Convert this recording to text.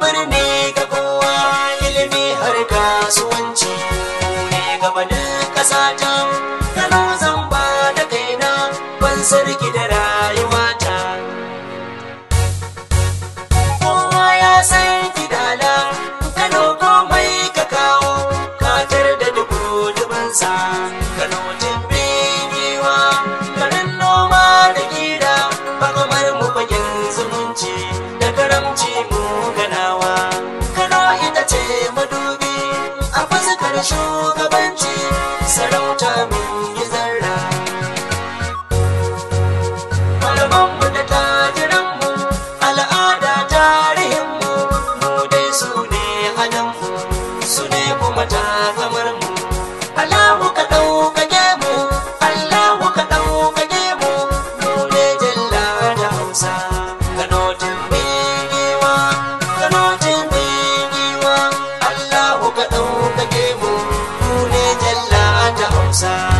birni ga kowa ilimi har kasuwanci ne gabanin ƙasa ta kano zan ba da kaina ban sarki da rayuwata kowa ya san gidana kano komai ka kawo katar da duk rudubansa kano ce da shugabanci sarauta mun yi zarra malamanmu da tajiranmu al'ada tarihinmu mu dai su ne adanmu su ne kuma takamarmu outside.